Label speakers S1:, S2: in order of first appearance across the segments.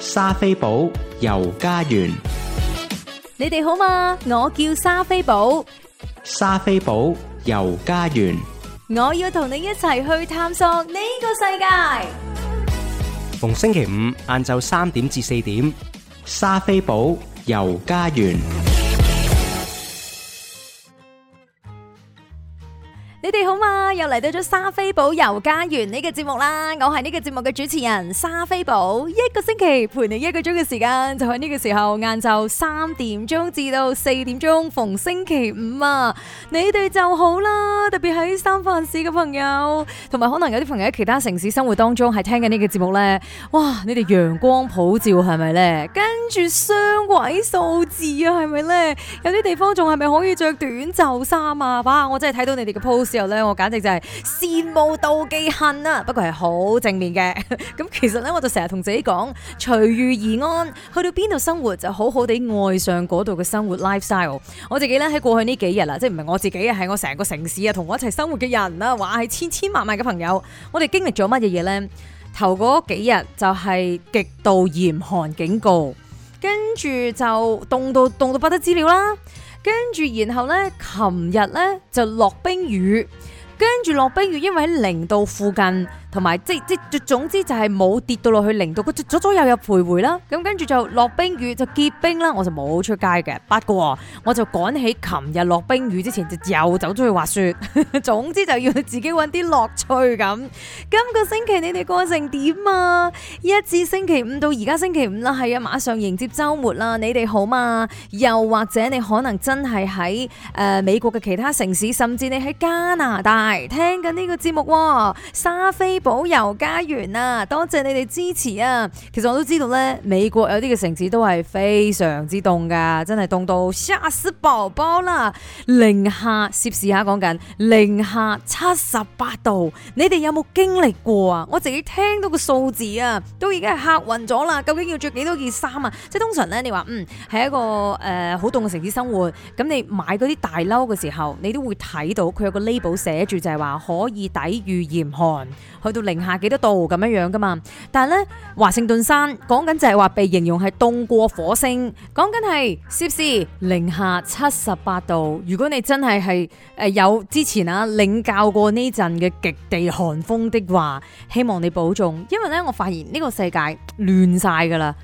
S1: 莎菲寶遊加園，
S2: 你哋好嘛？我叫莎菲寶，
S1: 莎菲寶遊加園，
S2: 我要同你一齊去探索呢個世界。
S1: 逢星期五晏晝三點至四點，莎菲寶遊加園。
S2: 你哋好嗎？又嚟
S3: 到咗莎菲寶遊加園呢個節目啦，我係呢個節目嘅主持人莎菲寶，一個星期陪你一個鐘嘅時間，就喺呢個時候，晏晝三點鐘至到四點鐘，逢星期五啊，你哋就好啦。特別喺三藩市嘅朋友，同埋可能有啲朋友喺其他城市生活當中係聽緊呢個節目咧，哇！你哋陽光普照係咪咧？跟住雙位數字啊，係咪咧？有啲地方仲係咪可以着短袖衫啊？哇！我真係睇到你哋嘅 post。之後咧，我簡直就係羨慕妒忌恨啦，不過係好正面嘅。咁其實咧，我就成日同自己講，隨遇而安。去到邊度生活，就好好地愛上嗰度嘅生活 lifestyle。Life 我自己咧，喺過去呢幾日啦，即係唔係我自己啊，係我成個城市啊，同我一齊生活嘅人啦，話係千千萬萬嘅朋友。我哋經歷咗乜嘢嘢咧？頭嗰幾日就係極度嚴寒警告，跟住就凍到凍到不得了啦。跟住，然後呢，琴日呢，就落冰雨，跟住落冰雨，因為喺零度附近。同埋即即即，即即總之就係冇跌到落去零度，佢左左右右徘徊啦。咁跟住就落冰雨就結冰啦，我就冇出街嘅。不過我就趕起琴日落冰雨之前就又走出去滑雪。總之就要自己揾啲樂趣咁。今個星期你哋過成點啊？一至星期五到而家星期五啦，係啊，馬上迎接周末啦。你哋好嘛？又或者你可能真係喺、呃、美國嘅其他城市，甚至你喺加拿大聽緊呢個節目莎菲寶遊加園啊，多謝你哋支持啊。其實我都知道咧，美國有啲嘅城市都係非常之凍噶真係凍到嚇死寶寶啦！零下攝氏下，講緊零下七十八度，你哋有冇經歷過啊？我自己聽到個數字啊，都已經係嚇暈咗啦！究竟要着幾多件衫啊？即係通常咧，你話嗯，係一個誒好凍嘅城市生活，咁你買嗰啲大褸嘅時候，你都會睇到佢有個 label 寫住就係話可以抵御嚴寒。去到零下幾多度咁樣樣噶嘛？但係呢，華盛頓山講緊就係話被形容係凍過火星，講緊係攝氏零下七十八度。如果你真係係誒有之前啊領教過呢陣嘅極地寒風的話，希望你保重，因為呢，我發現呢個世界亂晒噶啦。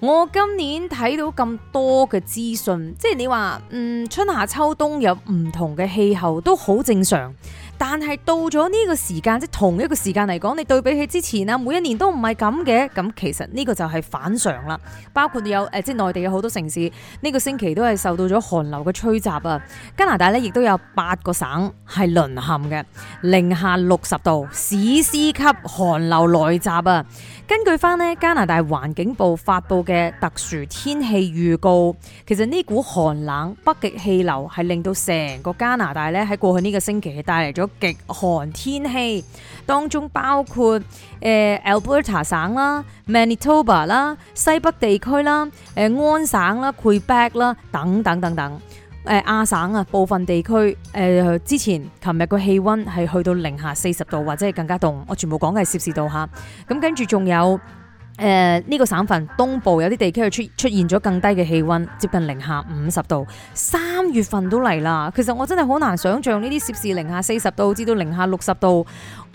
S3: 我今年睇到咁多嘅資訊，即係你話嗯春夏秋冬有唔同嘅氣候都好正常。但係到咗呢個時間，即同一個時間嚟講，你對比起之前啦，每一年都唔係咁嘅，咁其實呢個就係反常啦。包括有誒、呃，即係內地嘅好多城市，呢、呢個星期都係受到咗寒流嘅吹襲啊，加也襲啊。加拿大呢亦都有八個省係淪陷嘅，零下六十度，史詩級寒流來襲啊！根據翻呢加拿大環境部發布嘅特殊天氣預告，其實呢股寒冷北極氣流係令到成個加拿大呢喺過去呢個星期係帶嚟咗。極寒天氣，當中包括誒、呃、Alberta 省啦、Manitoba 啦、西北地區啦、誒、呃、安省啦、Quebec 啦等等等等，誒、呃、亞省啊，部分地區誒、呃、之前琴日個氣温係去到零下四十度或者係更加凍，我全部講嘅係攝氏度吓，咁、啊、跟住仲有。誒、呃、呢、呢個省份東部有啲地區出出現咗更低嘅氣溫，接近零下五十度。三月份都嚟啦，其實我真係好難想像呢啲攝氏零下四十度至到零下六十度，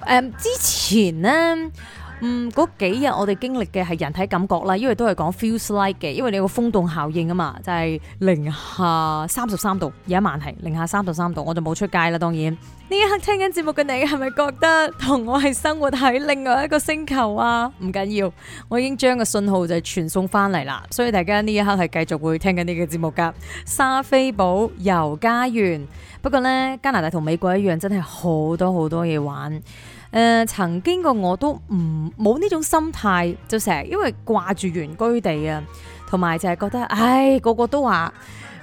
S3: 呃。之前呢嗯，嗰幾日我哋經歷嘅係人體感覺啦，因為都係講 feels like 嘅，因為你個風洞效應啊嘛，就係、是、零下三十三度，有一晚係零下三十三度，我就冇出街啦。當然呢一刻聽緊節目嘅你係咪覺得同我係生活喺另外一個星球啊？唔緊要，我已經將個信號就係傳送翻嚟啦，所以大家呢一刻係繼續會聽緊呢個節目噶。莎菲寶遊加園，不過呢，加拿大同美國一樣，真係好多好多嘢玩。誒、呃、曾經嘅我都唔冇呢種心態，就成日因為掛住原居地啊，同埋就係覺得，唉，個個都話，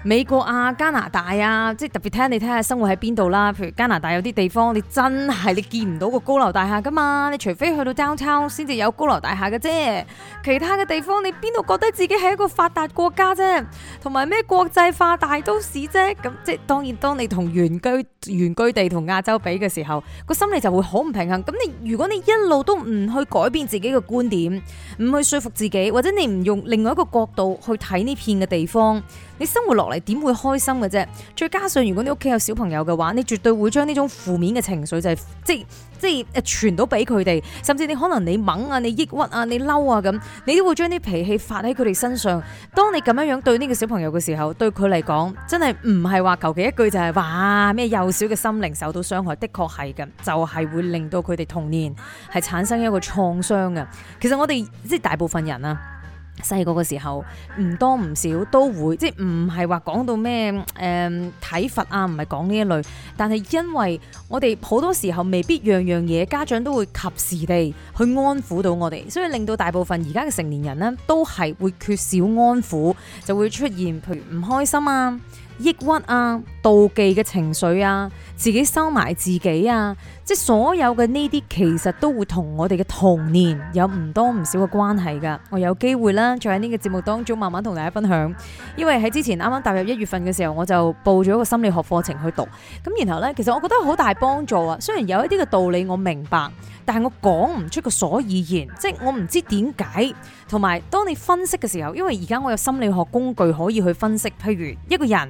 S3: 美國啊、加拿大啊，即係特別聽你睇下生活喺邊度啦。譬如加拿大有啲地方，你真係你見唔到個高樓大廈噶嘛？你除非去到 downtown 先至有高樓大廈嘅啫。其他嘅地方你邊度覺得自己係一個發達國家啫，同埋咩國際化大都市啫？咁即係當然，當你同原居原居地同亞洲比嘅時候，個心理就會好唔平衡。咁你如果你一路都唔去改變自己嘅觀點，唔去說服自己，或者你唔用另外一個角度去睇呢片嘅地方。你生活落嚟點會開心嘅啫？再加上如果你屋企有小朋友嘅話，你絕對會將呢種負面嘅情緒就係即係即即誒傳到俾佢哋，甚至你可能你猛啊，你抑鬱啊，你嬲啊咁，你都會將啲脾氣發喺佢哋身上。當你咁樣樣對呢個小朋友嘅時候，對佢嚟講，真係唔係話求其一句就係哇咩幼小嘅心靈受到傷害，的確係嘅，就係會令到佢哋童年係產生一個創傷嘅。其實我哋即係大部分人啊。細個嘅時候唔多唔少都會，即係唔係話講到咩，誒體罰啊，唔係講呢一類，但係因為我哋好多時候未必樣樣嘢家長都會及時地去安撫到我哋，所以令到大部分而家嘅成年人呢都係會缺少安撫，就會出現譬如唔開心啊、抑鬱啊。妒忌嘅情緒啊，自己收埋自己啊，即係所有嘅呢啲，其實都會同我哋嘅童年有唔多唔少嘅關係噶。我有機會咧，再喺呢個節目當中慢慢同大家分享。因為喺之前啱啱踏入一月份嘅時候，我就報咗一個心理學課程去讀。咁然後呢，其實我覺得好大幫助啊。雖然有一啲嘅道理我明白，但係我講唔出個所以然，即係我唔知點解。同埋當你分析嘅時候，因為而家我有心理學工具可以去分析，譬如一個人。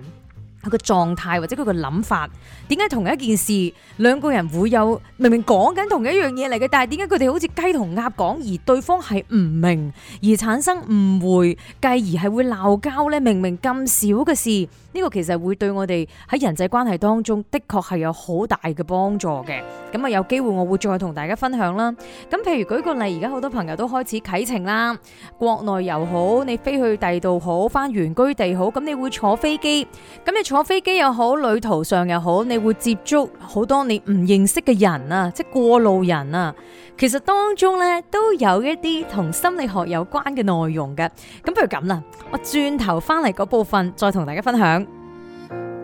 S3: 佢個狀態或者佢個諗法，點解同一件事兩個人會有明明講緊同一樣嘢嚟嘅，但係點解佢哋好似雞同鴨講，而對方係唔明，而產生誤會，繼而係會鬧交咧？明明咁少嘅事。呢個其實會對我哋喺人際關係當中的確係有好大嘅幫助嘅，咁啊有機會我會再同大家分享啦。咁譬如舉個例，而家好多朋友都開始啟程啦，國內又好，你飛去第度好，翻原居地好，咁你會坐飛機，咁你坐飛機又好，旅途上又好，你會接觸好多你唔認識嘅人啊，即係過路人啊。其實當中呢，都有一啲同心理學有關嘅內容嘅。咁不如咁啦，我轉頭翻嚟嗰部分再同大家分享。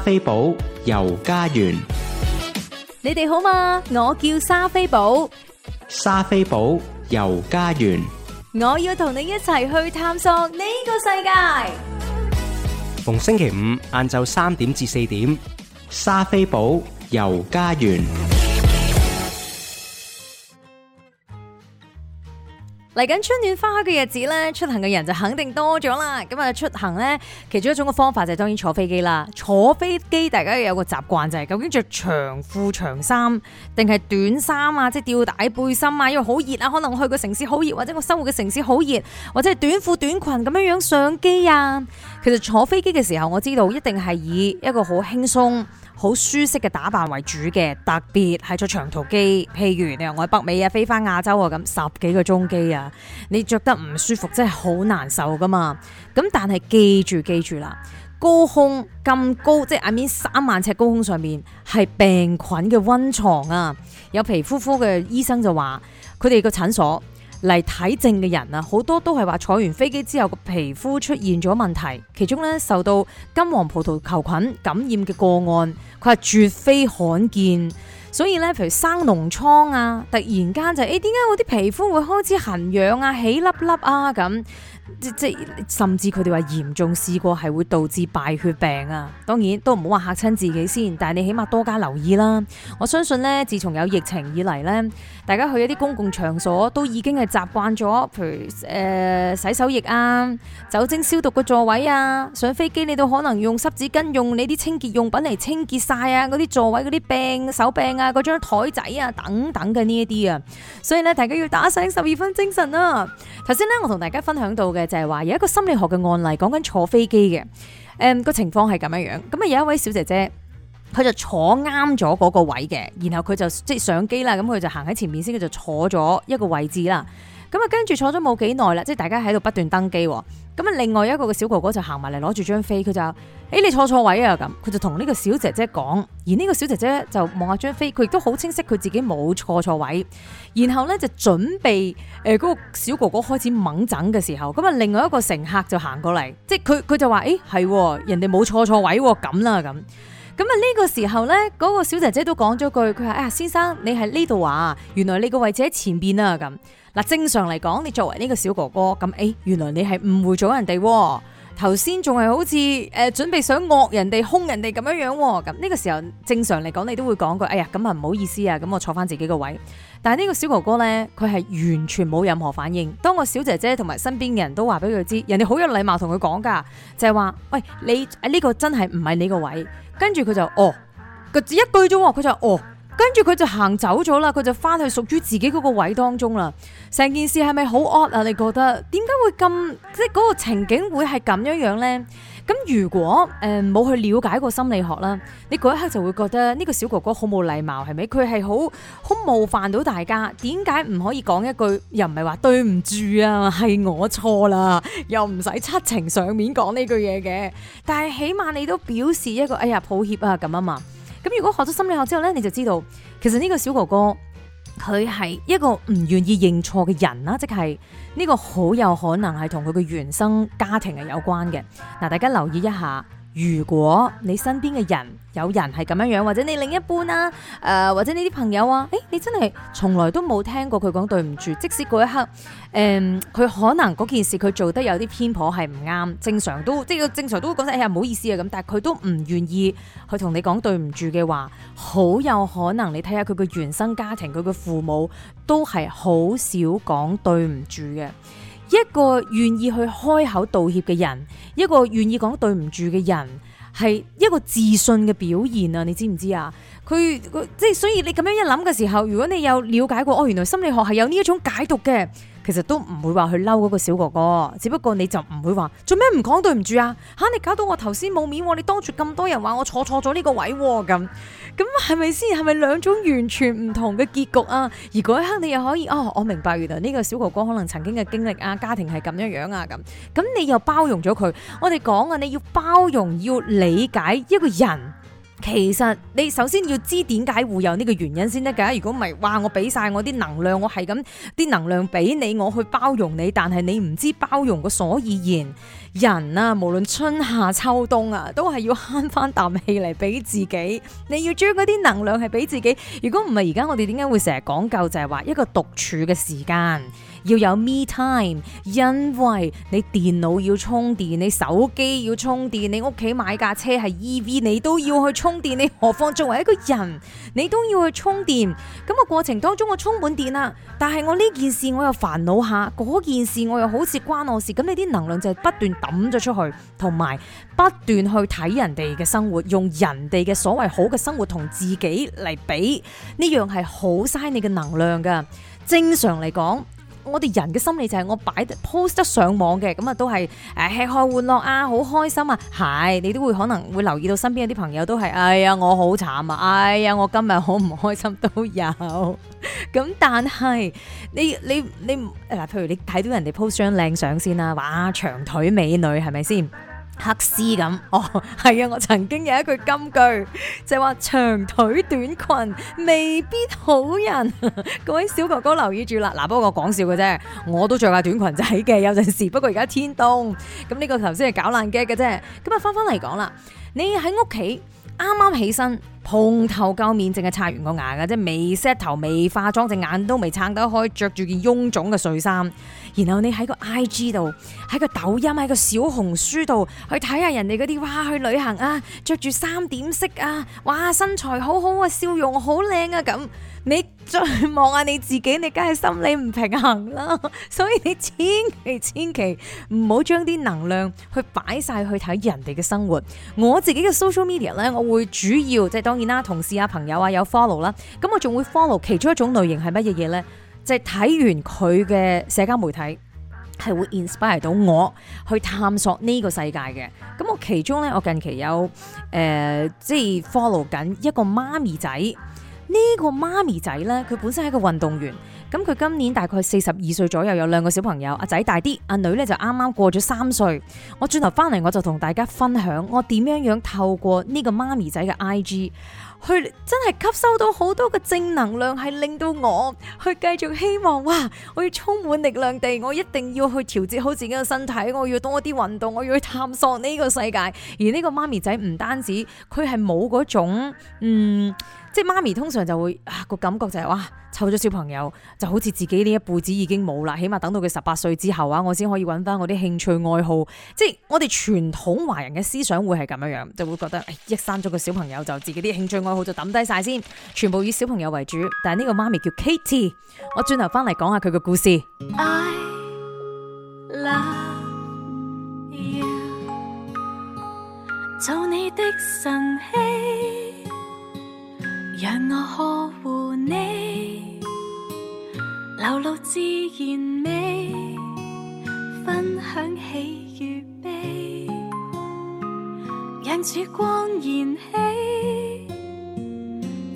S1: 莎菲寶遊加園，
S2: 你哋好嘛？我叫莎菲寶，
S1: 莎菲寶遊加園，
S2: 我要同你一齊去探索呢個世界。
S1: 逢星期五晏晝三點至四點，莎菲寶遊加園。
S3: 嚟緊春暖花開嘅日子咧，出行嘅人就肯定多咗啦。咁啊，出行咧，其中一種嘅方法就係當然坐飛機啦。坐飛機大家有個習慣就係、是，究竟，着長褲長衫定係短衫啊？即係吊帶背心啊？因為好熱啊，可能我去個城市好熱，或者我生活嘅城市好熱，或者係短褲短裙咁樣樣上機啊。其實坐飛機嘅時候，我知道一定係以一個好輕鬆。好舒適嘅打扮為主嘅，特別係着長途機，譬如你話我喺北美啊，飛返亞洲啊咁，十幾個鐘機啊，你着得唔舒服真係好難受噶嘛。咁但係記住記住啦，高空咁高，即係眼面三萬尺高空上面係病菌嘅溫床啊！有皮膚科嘅醫生就話，佢哋個診所嚟睇症嘅人啊，好多都係話坐完飛機之後個皮膚出現咗問題，其中咧受到金黃葡萄球菌感染嘅個案，佢係絕非罕見，所以咧譬如生膿瘡啊，突然間就誒，點解我啲皮膚會開始痕癢啊，起粒粒啊咁。即即甚至佢哋話嚴重試過係會導致敗血病啊！當然都唔好話嚇親自己先，但係你起碼多加留意啦。我相信咧，自從有疫情以嚟咧，大家去一啲公共場所都已經係習慣咗，譬如誒、呃、洗手液啊、酒精消毒個座位啊、上飛機你都可能用濕紙巾、用你啲清潔用品嚟清潔曬啊，嗰啲座位嗰啲病手柄啊、張台仔啊等等嘅呢一啲啊，所以咧大家要打醒十二分精神啊！頭先咧我同大家分享到嘅。就係、是、話有一個心理學嘅案例，講緊坐飛機嘅，誒、嗯、個情況係咁樣樣，咁啊有一位小姐姐，佢就坐啱咗嗰個位嘅，然後佢就即係上機啦，咁佢就行喺前面先，佢就坐咗一個位置啦。咁啊，跟住坐咗冇幾耐啦，即係大家喺度不斷登機喎。咁啊，另外一個嘅小哥哥就行埋嚟攞住張飛，佢就話：誒你坐錯位啊！咁，佢就同呢個小姐姐講，而呢個小姐姐就望下張飛，佢亦都好清晰佢自己冇坐錯位。然後咧就準備誒嗰個小哥哥開始猛整嘅時候，咁啊，另外一個乘客就行過嚟，即係佢佢就話：誒、哎、係，人哋冇坐錯位咁啦咁。咁啊呢個時候咧，嗰、那個小姐姐都講咗句，佢話：啊先生，你喺呢度話，原來你個位置喺前邊啊咁。嗱，正常嚟講，你作為呢個小哥哥，咁誒，原來你係誤會咗人哋，頭先仲係好似誒準備想惡人哋、凶人哋咁樣樣，咁、這、呢個時候正常嚟講，你都會講句，哎呀，咁啊唔好意思啊，咁我坐翻自己個位。但係呢個小哥哥呢，佢係完全冇任何反應。當個小姐姐同埋身邊嘅人都話俾佢知，人哋好有禮貌同佢講噶，就係、是、話，喂，你呢、這個真係唔係你個位。跟住佢就哦，只一句啫，佢就哦。跟住佢就行走咗啦，佢就翻去屬於自己嗰個位當中啦。成件事係咪好 odd 呀？啊？你覺得點解會咁即係嗰、嗰個情景會係咁樣樣呢？咁如果誒冇、呃、去了解過心理學啦，你嗰一刻就會覺得呢、呢個小哥哥好冇禮貌，係咪？佢係好好冒犯到大家，點解唔可以講一句？又唔係話對唔住啊，係我錯啦，又唔使七情上面講呢句嘢嘅。但係起碼你都表示一個哎呀抱歉啊咁啊嘛。咁如果學咗心理學之後咧，你就知道其實呢個小哥哥佢係一個唔願意認錯嘅人啦，即係呢個好有可能係同佢嘅原生家庭係有關嘅。嗱，大家留意一下。如果你身邊嘅人有人係咁樣樣，或者你另一半啊，誒、呃、或者你啲朋友啊，誒、欸、你真係從來都冇聽過佢講對唔住，即使嗰一刻，誒、呃、佢可能嗰件事佢做得有啲偏頗係唔啱，正常都即係正常都講聲哎呀唔好意思啊咁，但係佢都唔願意去同你講對唔住嘅話，好有可能你睇下佢嘅原生家庭，佢嘅父母都係好少講對唔住嘅。一個願意去開口道歉嘅人，一個願意講對唔住嘅人，係一個自信嘅表現啊！你知唔知啊？佢即係所以你咁樣一諗嘅時候，如果你有了解過，哦，原來心理學係有呢一種解讀嘅。其實都唔會話去嬲嗰個小哥哥，只不過你就唔會話做咩唔講對唔住啊？吓你搞到我頭先冇面，你當住咁多人話我坐錯咗呢個位咁，啊，咁係咪先？係咪兩種完全唔同嘅結局啊？而嗰一刻你又可以哦，我明白原來呢個小哥哥可能曾經嘅經歷啊，家庭係咁樣樣啊，咁咁你又包容咗佢。我哋講啊，你要包容，要理解一個人。其實你首先要知點解會有呢個原因先得噶，如果唔係話，我畀晒我啲能量，我係咁啲能量畀你，我去包容你，但係你唔知包容個所以然。人啊，無論春夏秋冬啊，都係要慳翻啖氣嚟俾自己。你要將嗰啲能量係俾自己。如果唔係，而家我哋點解會成日講究就係話一個獨處嘅時間要有 me time？因為你電腦要充電，你手機要充電，你屋企買架車係 EV，你都要去充電。你何況作為一個人，你都要去充電？咁個過程當中，我充滿電啦，但係我呢件事我又煩惱下，嗰件事我又好似關我事。咁你啲能量就係不斷。抌咗出去，同埋不斷去睇人哋嘅生活，用人哋嘅所謂好嘅生活同自己嚟比，呢樣係好嘥你嘅能量㗎。正常嚟講。我哋人嘅心理就係我擺得 post 得上網嘅，咁啊都係誒吃喝玩樂啊，好開心啊，係你都會可能會留意到身邊有啲朋友都係，哎呀我好慘啊，哎呀我今日好唔開心都有，咁但係你你你嗱，譬如你睇到人哋 post 張靚相先啦，哇長腿美女係咪先？黑絲咁，哦，係啊！我曾經有一句金句，就係話長腿短裙未必好人，呵呵。各位小哥哥留意住啦，嗱，不過我講笑嘅啫，我都着下短裙仔嘅，有陣時。不過而家天凍，咁呢個頭先係搞爛 gag 嘅啫。咁啊，翻翻嚟講啦，你喺屋企啱啱起身，蓬頭垢面，淨係刷完個牙噶，即係未 set 頭，未化妝，隻眼都未撐得開，着住件臃腫嘅睡衫。然後你喺個 IG 度，喺個抖音，喺個小紅書度去睇下人哋嗰啲，哇，去旅行啊，着住三點式啊，哇，身材好好啊，笑容好靚啊，咁你再望下你自己，你梗係心理唔平衡啦。所以你千祈千祈唔好將啲能量擺去擺晒去睇人哋嘅生活。我自己嘅 social media 呢，我會主要即係當。同事啊，朋友啊，有 follow 啦，咁我仲會 follow 其中一種類型係乜嘢嘢呢？就係、是、睇完佢嘅社交媒體，係會 inspire 到我去探索呢個世界嘅。咁我其中呢，我近期有誒，即、呃就是、follow 緊一個媽咪仔。呢、這個媽咪仔呢，佢本身係一個運動員。咁佢今年大概四十二歲左右，有兩個小朋友，阿仔大啲，阿女咧就啱啱過咗三歲。我轉頭翻嚟，我就同大家分享，我點樣樣透過呢個媽咪仔嘅 IG，去真係吸收到好多嘅正能量，係令到我去繼續希望，哇！我要充滿力量地，我一定要去調節好自己嘅身體，我要多啲運動，我要去探索呢個世界。而呢個媽咪仔唔單止，佢係冇嗰種，嗯。即係媽咪通常就會啊個感覺就係、是、哇湊咗小朋友就好似自己呢一輩子已經冇啦，起碼等到佢十八歲之後啊，我先可以揾翻我啲興趣愛好。即係我哋傳統華人嘅思想會係咁樣樣，就會覺得唉一生咗個小朋友就自己啲興趣愛好就抌低晒先，全部以小朋友為主。但係呢個媽咪叫 Katie，我轉頭翻嚟講下佢嘅故事。
S4: I love you，做你的神讓我呵護你，流露自然美，分享喜與悲，讓燭光燃起，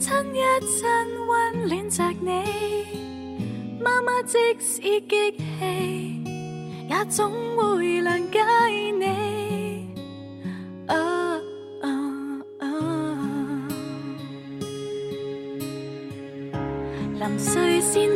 S4: 親一親溫暖着你。媽媽即使激氣，也總會諒解你。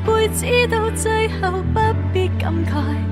S4: 一輩子到最後，不必感慨。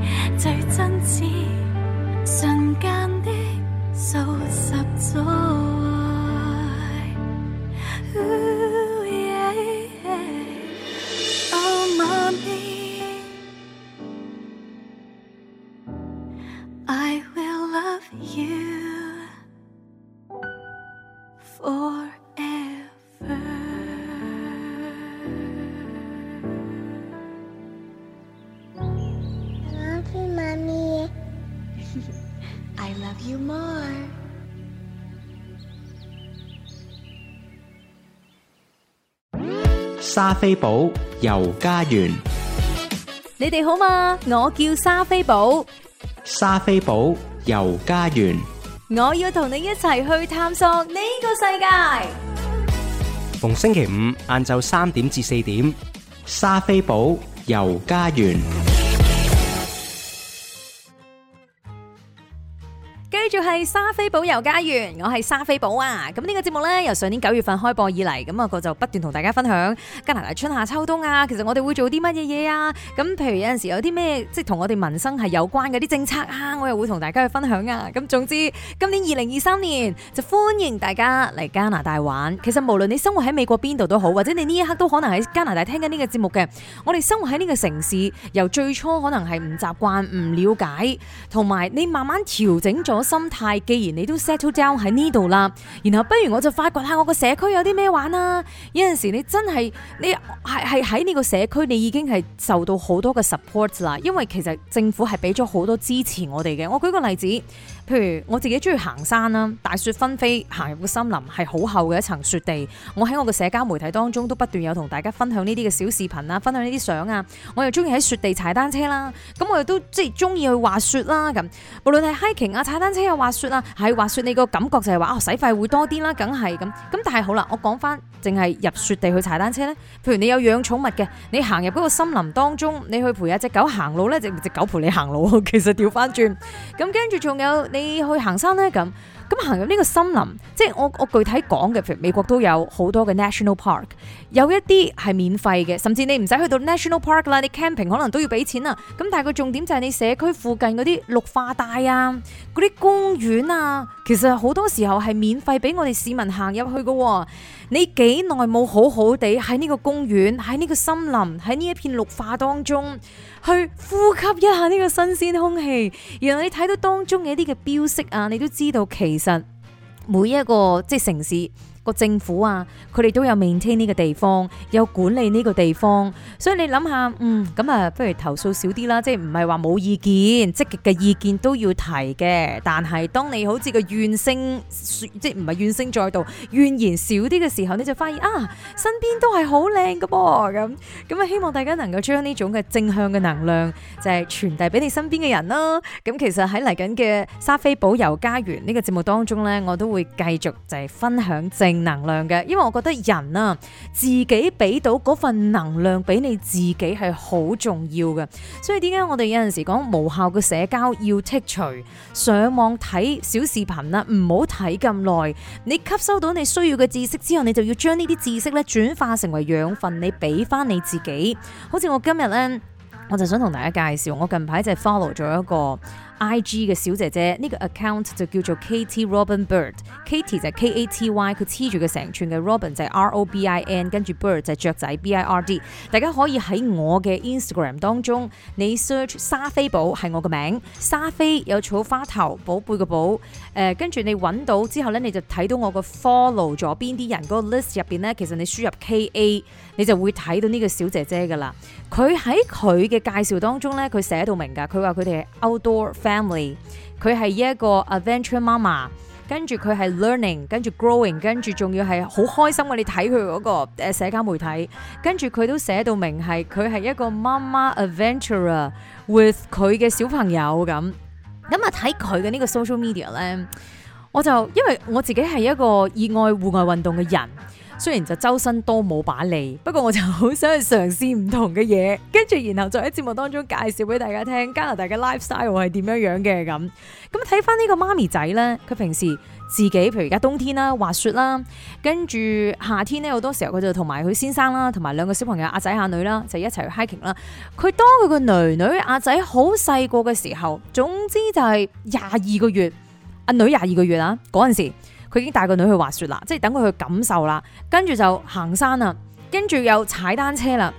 S1: 莎菲寶遊加園，
S2: 你哋好嘛？我叫莎菲寶。
S1: 莎菲寶遊加園，
S2: 我要同你一齊去探索呢個世界。
S1: 逢星期五晏晝三點至四點，莎菲寶遊加園。
S3: 係莎菲寶遊加園，我係莎菲寶啊！咁、這、呢個節目呢，由上年九月份開播以嚟，咁啊就不斷同大家分享加拿大春夏秋冬啊！其實我哋會做啲乜嘢嘢啊？咁譬如有陣時有啲咩即係同我哋民生係有關嗰啲政策啊，我又會同大家去分享啊！咁總之，今年二零二三年就歡迎大家嚟加拿大玩。其實無論你生活喺美國邊度都好，或者你呢一刻都可能喺加拿大聽緊呢個節目嘅，我哋生活喺呢個城市，由最初可能係唔習慣、唔了解，同埋你慢慢調整咗心。既然你都 settle down 喺呢度啦，然後不如我就發掘下我個社區有啲咩玩啦啊。有陣時你真係你係係喺呢個社區，你已經係受到好多嘅 support 啦。因為其實政府係俾咗好多支持我哋嘅。我舉個例子。譬如我自己中意行山啦，大雪紛飛，行入個森林係好厚嘅一層雪地。我喺我嘅社交媒體當中都不斷有同大家分享呢啲嘅小視頻啊，分享呢啲相啊。我又中意喺雪地踩單車啦，咁我又都即係中意去滑雪啦咁。無論係 hiking 啊、踩單車啊、滑雪啊，係滑雪你個感覺就係話哦，洗費會多啲啦，梗係咁。咁但係好啦，我講翻淨係入雪地去踩單車咧。譬如你有養寵物嘅，你行入嗰個森林當中，你去陪下隻狗行路咧，只隻狗陪你行路。其實掉翻轉咁，跟住仲有。你去行山咧咁，咁行入呢個森林，即係我我具體講嘅，譬如美國都有好多嘅 national park，有一啲係免費嘅，甚至你唔使去到 national park 啦，你 camping 可能都要俾錢啊。咁但係個重點就係你社區附近嗰啲綠化帶啊，嗰啲公園啊，其實好多時候係免費俾我哋市民行入去㗎。你幾耐冇好好地喺呢個公園、喺呢個森林、喺呢一片綠化當中去呼吸一下呢個新鮮空氣？然後你睇到當中嘅一啲嘅標識啊，你都知道其實每一個即係城市。個政府啊，佢哋都有 maintain 呢個地方，有管理呢個地方，所以你諗下，嗯，咁啊，不如投訴少啲啦，即係唔係話冇意見，積極嘅意見都要提嘅。但係當你好似個怨聲，即係唔係怨聲載道，怨言少啲嘅時候，你就發現啊，身邊都係好靚噶噃。咁咁啊，希望大家能夠將呢種嘅正向嘅能量，就係傳遞俾你身邊嘅人啦。咁其實喺嚟緊嘅莎菲寶遊加園呢個節目當中呢，我都會繼續就係分享正。能量嘅，因為我覺得人啊，自己俾到嗰份能量俾你自己係好重要嘅，所以點解我哋有陣時講無效嘅社交要剔除，上網睇小視頻啦，唔好睇咁耐，你吸收到你需要嘅知識之後，你就要將呢啲知識咧轉化成為養分，你俾翻你自己。好似我今日咧，我就想同大家介紹，我近排就 follow 咗一個。I.G 嘅小姐姐，呢個 account 就叫做 Katy Robin Bird。Katy 就係 K A T Y，佢黐住佢成串嘅。Robin 就係 R O B I N，跟住 Bird 就係雀仔 B I R D。大家可以喺我嘅 Instagram 當中，你 search 沙飛寶係我嘅名，沙飛有草花頭，寶貝嘅寶。呃、跟住你揾到之後呢，你就睇到我嘅 follow 咗邊啲人嗰個 list 入邊呢。其實你輸入 K A，你就會睇到呢個小姐姐嘅啦。佢喺佢嘅介紹當中呢，佢寫到明㗎。佢話佢哋係 outdoor family，佢係一個 adventure 媽媽，跟住佢係 learning，跟住 growing，跟住仲要係好開心。我哋睇佢嗰個誒社交媒體，跟住佢都寫到明係佢係一個媽媽 adventurer with 佢嘅小朋友咁。咁啊睇佢嘅呢個 social media 咧，我就因為我自己係一個熱愛戶外運動嘅人。雖然就周身多冇把利，不過我就好想去嘗試唔同嘅嘢，跟住然後就喺節目當中介紹俾大家聽加拿大嘅 lifestyle 係點樣樣嘅咁。咁睇翻呢個媽咪仔呢，佢平時自己，譬如而家冬天啦，滑雪啦，跟住夏天呢，好多時候佢就同埋佢先生啦，同埋兩個小朋友阿仔阿女啦，就一齊去 hiking 啦。佢當佢個女女阿仔好細個嘅時候，總之就係廿二個月，阿女廿二個月啊，嗰陣時。佢已經帶個女去滑雪啦，即係等佢去感受啦，跟住就行山啦，跟住又踩單車啦。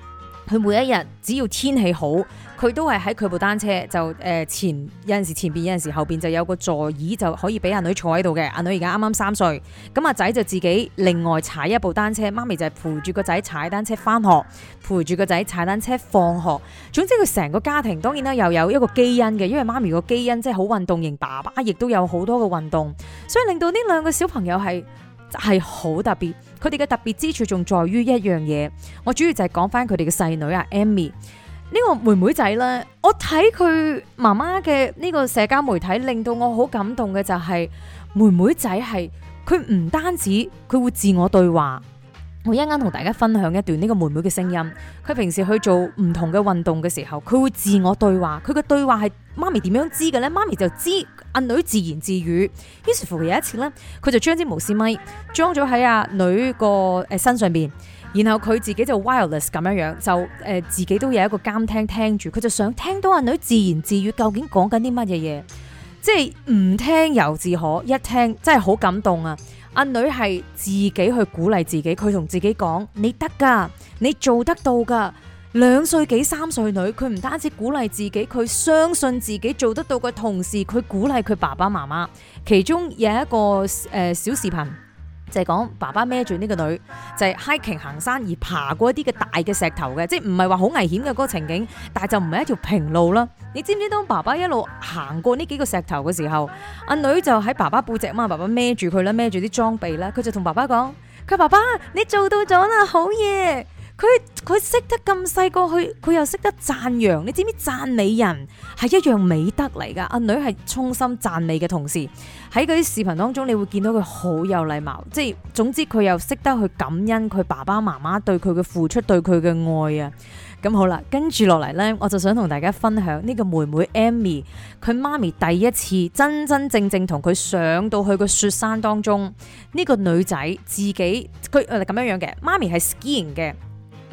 S3: 佢每一日只要天氣好。佢都係喺佢部單車，就誒前有陣時前邊，有陣時後邊就有個座椅，就可以俾阿女坐喺度嘅。阿女而家啱啱三歲，咁阿仔就自己另外踩一部單車，媽咪就係陪住個仔踩單車翻學，陪住個仔踩單車放學。總之佢成個家庭當然啦，又有一個基因嘅，因為媽咪個基因即係好運動型，爸爸亦都有好多嘅運動，所以令到呢兩個小朋友係係好特別。佢哋嘅特別之處仲在於一樣嘢，我主要就係講翻佢哋嘅細女啊 Amy。呢、這個妹妹仔呢，我睇佢媽媽嘅呢個社交媒體，令到我好感動嘅就係妹妹仔係佢唔單止佢會自我對話，我一陣同大家分享一段呢個妹妹嘅聲音。佢平時去做唔同嘅運動嘅時候，佢會自我對話。佢嘅對話係媽咪點樣知嘅呢？媽咪就知阿女自言自語。於是乎，有一次呢，佢就將支無線咪裝咗喺阿女個誒身上邊。然後佢自己就 wireless 咁樣樣，就誒自己都有一個監聽聽住，佢就想聽到阿女自言自語究竟講緊啲乜嘢嘢，即係唔聽猶自可，一聽真係好感動啊！阿女係自己去鼓勵自己，佢同自己講：你得噶，你做得到噶。兩歲幾三歲女，佢唔單止鼓勵自己，佢相信自己做得到嘅同時，佢鼓勵佢爸爸媽媽。其中有一個誒、呃、小視頻。就係、是、講爸爸孭住呢個女，就係、是、hiking 行山而爬過一啲嘅大嘅石頭嘅，即係唔係話好危險嘅嗰、那個情景，但係就唔係一條平路啦。你知唔知當爸爸一路行過呢幾個石頭嘅時候，阿女就喺爸爸,爸爸背脊嘛，爸爸孭住佢啦，孭住啲裝備啦，佢就同爸爸講：，佢爸爸你做到咗啦，好嘢！佢佢識得咁細個，佢佢又識得讚揚。你知唔知讚美人係一樣美德嚟噶？阿女係衷心讚美嘅同時，喺佢啲視頻當中，你會見到佢好有禮貌，即係總之佢又識得去感恩佢爸爸媽媽對佢嘅付出，對佢嘅愛啊。咁好啦，跟住落嚟呢，我就想同大家分享呢個妹妹 Amy，佢媽咪第一次真真正正同佢上到去個雪山當中，呢個女仔自己佢誒咁樣樣嘅媽咪係 skiing 嘅。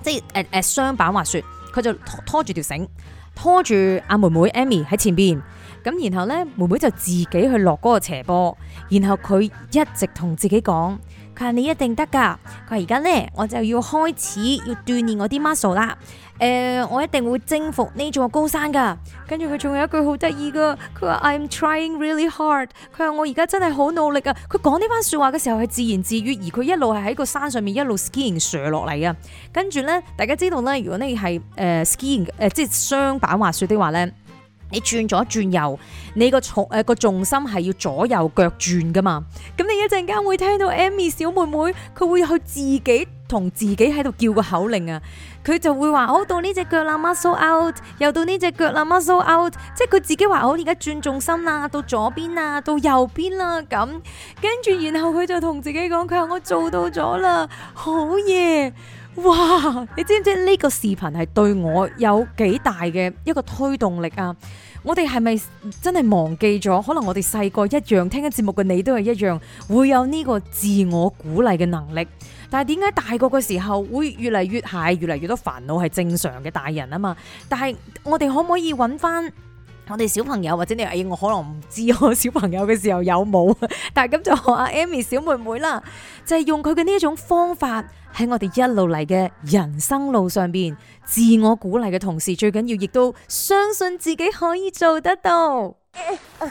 S3: 即誒誒，雙板滑雪，佢就拖住條繩，拖住阿妹妹 Amy 喺前邊，咁然後咧，妹妹就自己去落嗰個斜坡，然後佢一直同自己講，佢話你一定得噶，佢話而家咧，我就要開始要鍛煉我啲 muscle 啦。誒、呃，我一定會征服呢座高山噶。跟住佢仲有一句好得意噶，佢話 I'm trying really hard。佢話我而家真係好努力啊。佢講呢番說話嘅時候係自言自語，而佢一路係喺個山上面一路 skiing 斜落嚟啊。跟住咧，大家知道咧，如果你係誒、呃、skiing 誒即係雙板滑雪的話咧，你轉左轉右，你個重誒個重心係要左右腳轉噶嘛。咁你一陣間會聽到 Amy 小妹妹，佢會去自己同自己喺度叫個口令啊。佢就會話：好到呢隻腳啦，muscle out；又到呢隻腳啦，muscle out。即係佢自己話：好，而家轉重心啦，到左邊啊，到右邊啦咁。跟住然後佢就同自己講：佢話我做到咗啦，好嘢。哇！你知唔知呢個視頻係對我有幾大嘅一個推動力啊？我哋係咪真係忘記咗？可能我哋細個一樣聽緊節目嘅你都係一樣，會有呢個自我鼓勵嘅能力。但係點解大個嘅時候會越嚟越，係越嚟越多煩惱，係正常嘅大人啊嘛？但係我哋可唔可以揾翻我哋小朋友或者你？哎，我可能唔知我小朋友嘅時候有冇？但係咁就學阿 Amy 小妹妹啦，就係、是、用佢嘅呢一種方法喺我哋一路嚟嘅人生路上邊自我鼓勵嘅同時，最緊要亦都
S2: 相信自己可以做得到。
S5: Uh,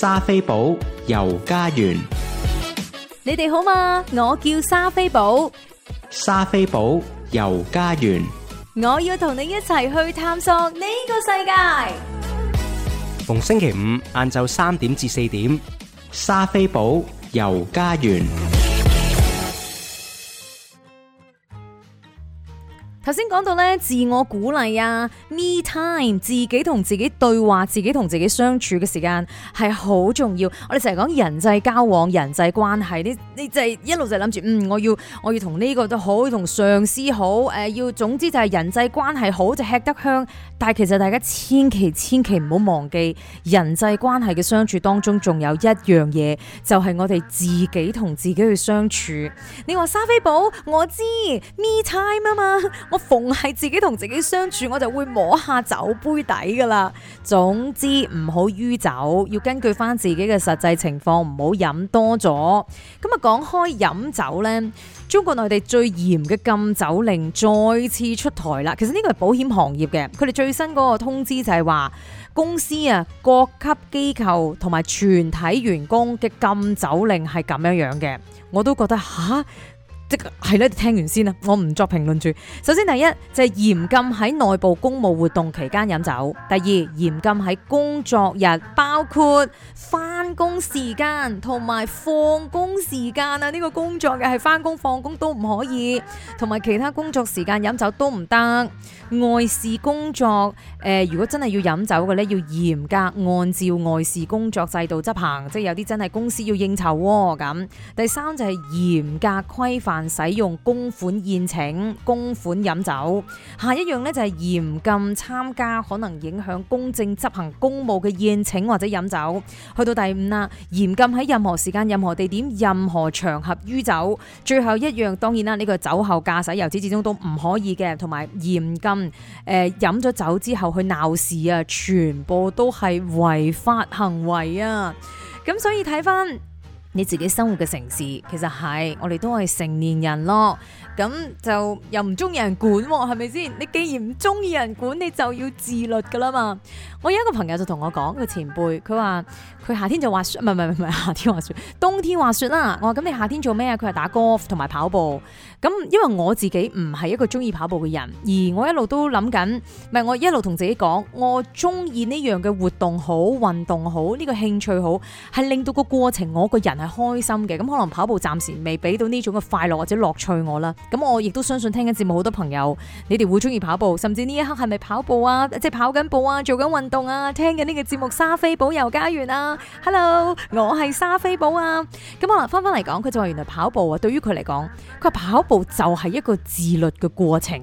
S1: 莎菲寶遊加園，
S2: 你哋好嘛？我叫莎菲寶，
S1: 莎菲寶遊加園，
S2: 我要同你一齊去探索呢個世界。
S1: 逢星期五晏晝三點至四點，莎菲寶遊加園。
S3: 頭先講到咧自我鼓勵啊，me time，自己同自己對話，自己同自己相處嘅時間係好重要。我哋成日講人際交往、人際關係，你呢就係一路就諗住，嗯，我要我要同呢個都好，同上司好，誒、呃，要總之就係人際關係好就吃得香。但係其實大家千祈千祈唔好忘記，人際關係嘅相處當中，仲有一樣嘢，就係、是、我哋自己同自己去相處。
S2: 你話莎菲寶，我知
S3: me time 啊嘛。逢係自己同自己相處，我就會摸下酒杯底噶啦。總之唔好酗酒，要根據翻自己嘅實際情況，唔好飲多咗。咁啊，講開飲酒呢，中國內地最嚴嘅禁酒令再次出台啦。其實呢個係保險行業嘅，佢哋最新嗰個通知就係話，公司啊，各級機構同埋全體員工嘅禁酒令係咁樣樣嘅。我都覺得吓。即係咧，你聽完先啦，我唔作評論住。首先第一就係嚴禁喺內部公務活動期間飲酒；第二，嚴禁喺工作日，包括翻工時間同埋放工時間啊，呢個工作嘅係翻工放工都唔可以，同埋其他工作時間飲酒都唔得。外事工作，誒、呃、如果真係要飲酒嘅咧，要嚴格按照外事工作制度執行，即係有啲真係公司要應酬咁、哦。第三就係嚴格規範使用公款宴請，公款飲酒。下一樣咧就係嚴禁參加可能影響公正執行公務嘅宴請或者飲酒。去到第五啦，嚴禁喺任何時間、任何地點、任何場合酗酒。最後一樣，當然啦，呢、這個酒後駕駛由始至終都唔可以嘅，同埋嚴禁。嗯、呃，飲咗酒之後去鬧事啊，全部都係違法行為啊！咁所以睇返你自己生活嘅城市，其實係我哋都係成年人咯，咁就又唔中意人管，係咪先？你既然唔中意人管，你就要自律噶啦嘛！我有一個朋友就同我講，佢前輩，佢話佢夏天就滑雪，唔係唔係唔係，夏天滑雪，冬天滑雪啦。我話咁你夏天做咩啊？佢話打高爾夫同埋跑步。咁因為我自己唔係一個中意跑步嘅人，而我一路都諗緊，唔係我一路同自己講，我中意呢樣嘅活動好，運動好，呢個興趣好，係令到個過程我個人係開心嘅。咁可能跑步暫時未俾到呢種嘅快樂或者樂趣我啦。咁我亦都相信聽緊節目好多朋友，你哋會中意跑步，甚至呢一刻係咪跑步啊，即係跑緊步啊，做緊運動啊，聽緊呢個節目《莎菲寶遊加園》啊。Hello，我係莎菲寶啊。咁我話翻翻嚟講，佢就話原來跑步啊，對於佢嚟講，佢話跑。步就係一個自律嘅過程，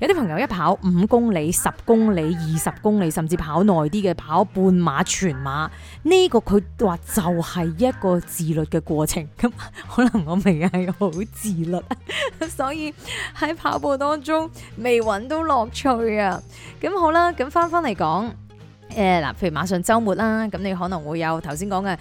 S3: 有啲朋友一跑五公里、十公里、二十公里，甚至跑耐啲嘅，跑半馬、全馬，呢個佢話就係一個自律嘅過程。咁可能我未係好自律，所以喺跑步當中未揾到樂趣啊。咁好啦，咁翻翻嚟講。誒嗱，譬如馬上週末啦，咁你可能會有頭先講嘅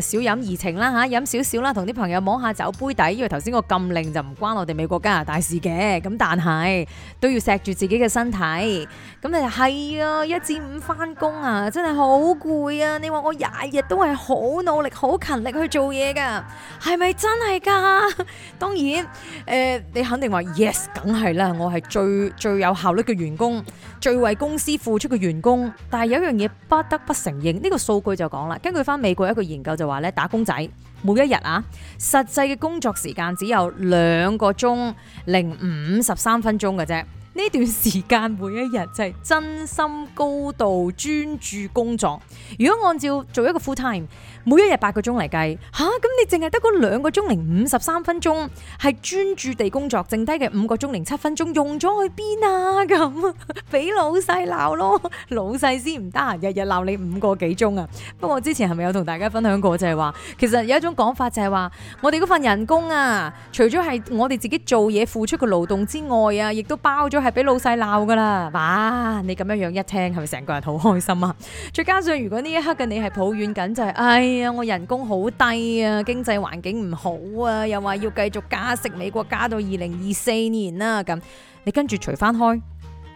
S3: 誒少飲怡情啦嚇，飲少少啦，同啲朋友摸下酒杯底。因為頭先個禁令就唔關我哋美國加拿大事嘅，咁但係都要錫住自己嘅身體。咁你係啊，一至五返工啊，真係好攰啊！你話我日日都係好努力、好勤力去做嘢㗎，係咪真係㗎？當然誒、呃，你肯定話 Yes，梗係啦，我係最最有效率嘅員工，最為公司付出嘅員工，但有一樣嘢不得不承認，呢、這個數據就講啦。根據翻美國一個研究就話咧，打工仔每一日啊，實際嘅工作時間只有兩個鐘零五十三分鐘嘅啫。呢段時間每一日就係真心高度專注工作。如果按照做一個 full time，每一日八個鐘嚟計吓，咁、啊、你淨係得兩個鐘零五十三分鐘係專注地工作，剩低嘅五個鐘零七分鐘用咗去邊啊？咁俾老細鬧咯，老細先唔得閒，日日鬧你五個幾鐘啊！不過之前係咪有同大家分享過就係、是、話其實有一種講法就係、是、話我哋份人工啊，除咗係我哋自己做嘢付出嘅勞動之外啊，亦都包咗。係俾老細鬧噶啦，哇！你咁樣樣一聽，係咪成個人好開心啊？再加上如果呢一刻嘅你係抱怨緊、就係，就係哎呀，我人工好低啊，經濟環境唔好啊，又話要繼續加息，美國加到二零二四年啦，咁你跟住除翻開，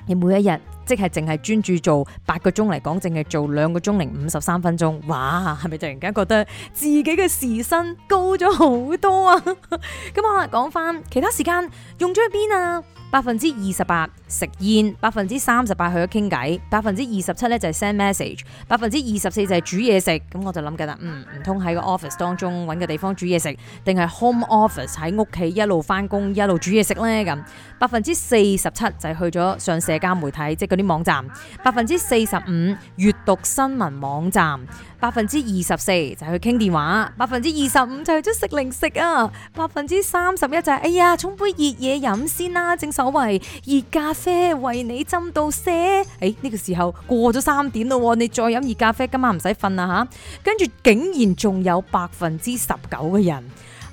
S3: 你每一日。即係淨係專注做八個鐘嚟講，淨係做兩個鐘零五十三分鐘，哇！係咪突然間覺得自己嘅時薪高咗好多啊？咁 我啊講翻其他時間用咗去邊啊？百分之二十八食煙，百分之三十八去咗傾偈，百分之二十七咧就係 send message，百分之二十四就係煮嘢食。咁我就諗緊啦，嗯，唔通喺個 office 當中揾個地方煮嘢食，定係 home office 喺屋企一路翻工一路煮嘢食咧？咁百分之四十七就係去咗上社交媒體，即係啲網站百分之四十五，閱讀新聞網站百分之二十四，就去傾電話，百分之二十五就去咗食零食啊，百分之三十一就係、是、哎呀沖杯熱嘢飲先啦，正所謂熱咖啡為你浸到些，誒、哎、呢、這個時候過咗三點咯，你再飲熱咖啡今晚唔使瞓啦吓，跟住竟然仲有百分之十九嘅人。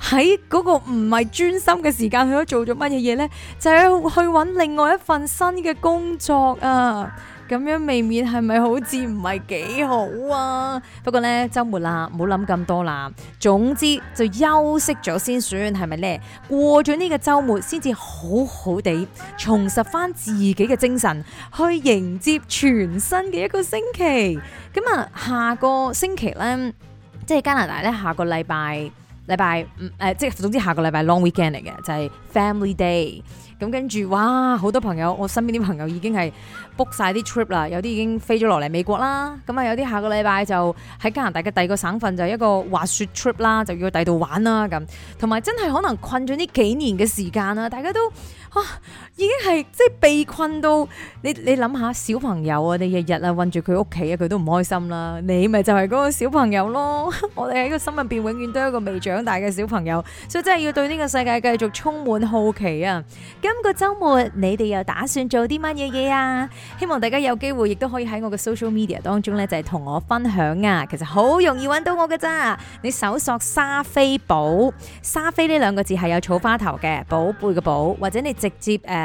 S3: 喺嗰個唔係專心嘅時間，佢都做咗乜嘢嘢呢？就去去揾另外一份新嘅工作啊！咁樣未免係咪好似唔係幾好啊？不過呢，週末啦，唔好諗咁多啦。總之就休息咗先算，係咪呢？過咗呢個週末先至好好地重拾翻自己嘅精神，去迎接全新嘅一個星期。咁啊，下個星期呢，即係加拿大呢，下個禮拜。禮拜，誒，即係總之下個禮拜 long weekend 嚟嘅，就係 family day。咁跟住，哇，好多朋友，我身邊啲朋友已經係 book 晒啲 trip 啦，有啲已經飛咗落嚟美國啦。咁啊，有啲下個禮拜就喺加拿大嘅第二個省份就一個滑雪 trip 啦，就要去第二度玩啦咁。同埋真係可能困咗呢幾年嘅時間啦，大家都啊～已經係即係被困到，你你諗下小朋友啊，你日日啊困住佢屋企啊，佢都唔開心啦。你咪就係嗰個小朋友咯。我哋喺個心入邊永遠都係一個未長大嘅小朋友，所以真係要對呢個世界繼續充滿好奇啊！今個週末你哋又打算做啲乜嘢嘢啊？希望大家有機會亦都可以喺我嘅 social media 當中呢，就係同我分享啊！其實好容易揾到我噶咋，你搜索莎菲寶，莎菲呢兩個字係有草花頭嘅，寶貝嘅寶，或者你直接誒。呃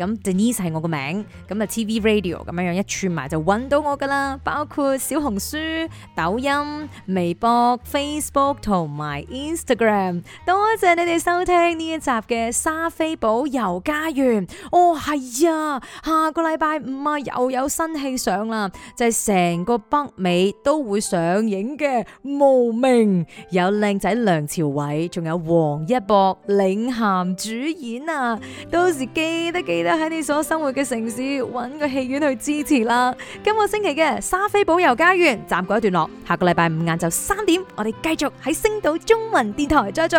S3: 咁 Denise 係我個名，咁啊 TV Radio 咁樣樣一串埋就揾到我噶啦，包括小紅書、抖音、微博、Facebook 同埋 Instagram。多謝你哋收聽呢一集嘅《莎菲寶遊加園》。哦，係啊，下個禮拜五啊又有新戲上啦，就係成個北美都會上映嘅《無名》，有靚仔梁朝偉，仲有王一博領銜主演啊，到時記得記得。喺你所生活嘅城市揾個戲院去支持啦！今個星期嘅莎菲寶遊加園暫告一段落，下個禮拜五晏晝三點，我哋繼續喺星島中文電台再聚。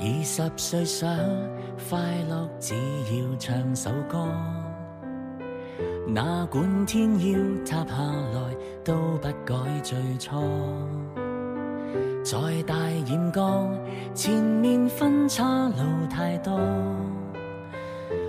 S3: 二十歲想
S6: 快樂，只要唱首歌，哪管天要塌下來，都不改最初。在大染江前面分岔路太多。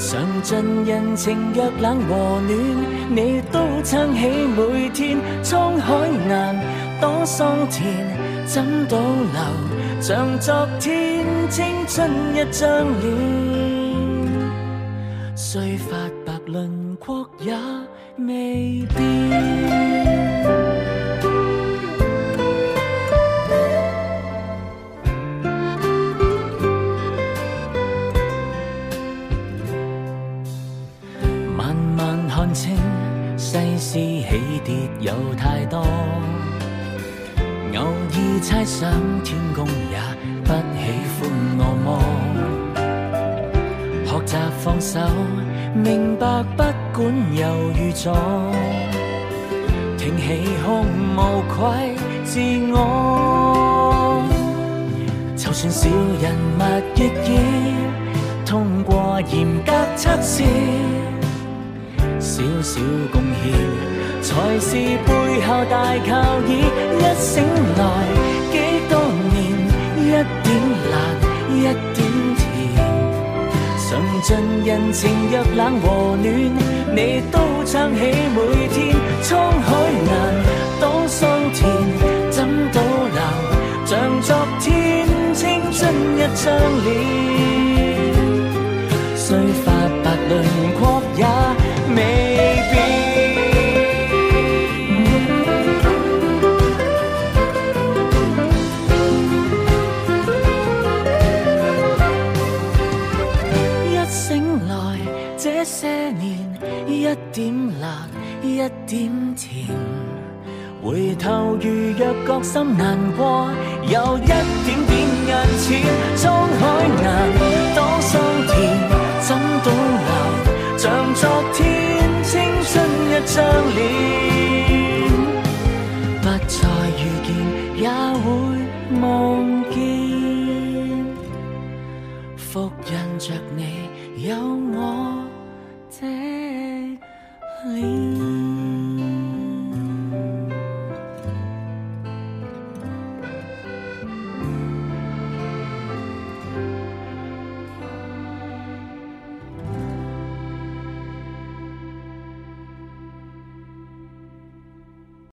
S6: 嘗盡人情若冷和暖，你都撐起每天滄海難躲桑田，怎倒流？像昨天青春一張臉，雖髮白，輪廓也未變。知起跌有太多，偶爾猜想天公也不喜歡我麼？學習放手，明白不管右與左，挺起胸，無愧自我。就算小人物亦要通過嚴格測試。小小貢獻，才是背後大靠倚。一醒來，幾多年，一點辣，一點甜，嘗盡人情若冷和暖，你都撐起每天滄海難擋桑田，怎倒流？像昨天青春一張臉雖髮白，輪廓也。回頭，如若覺心難過，有一點點眼淺，滄海難多心甜，怎倒流？像昨天青春一張臉。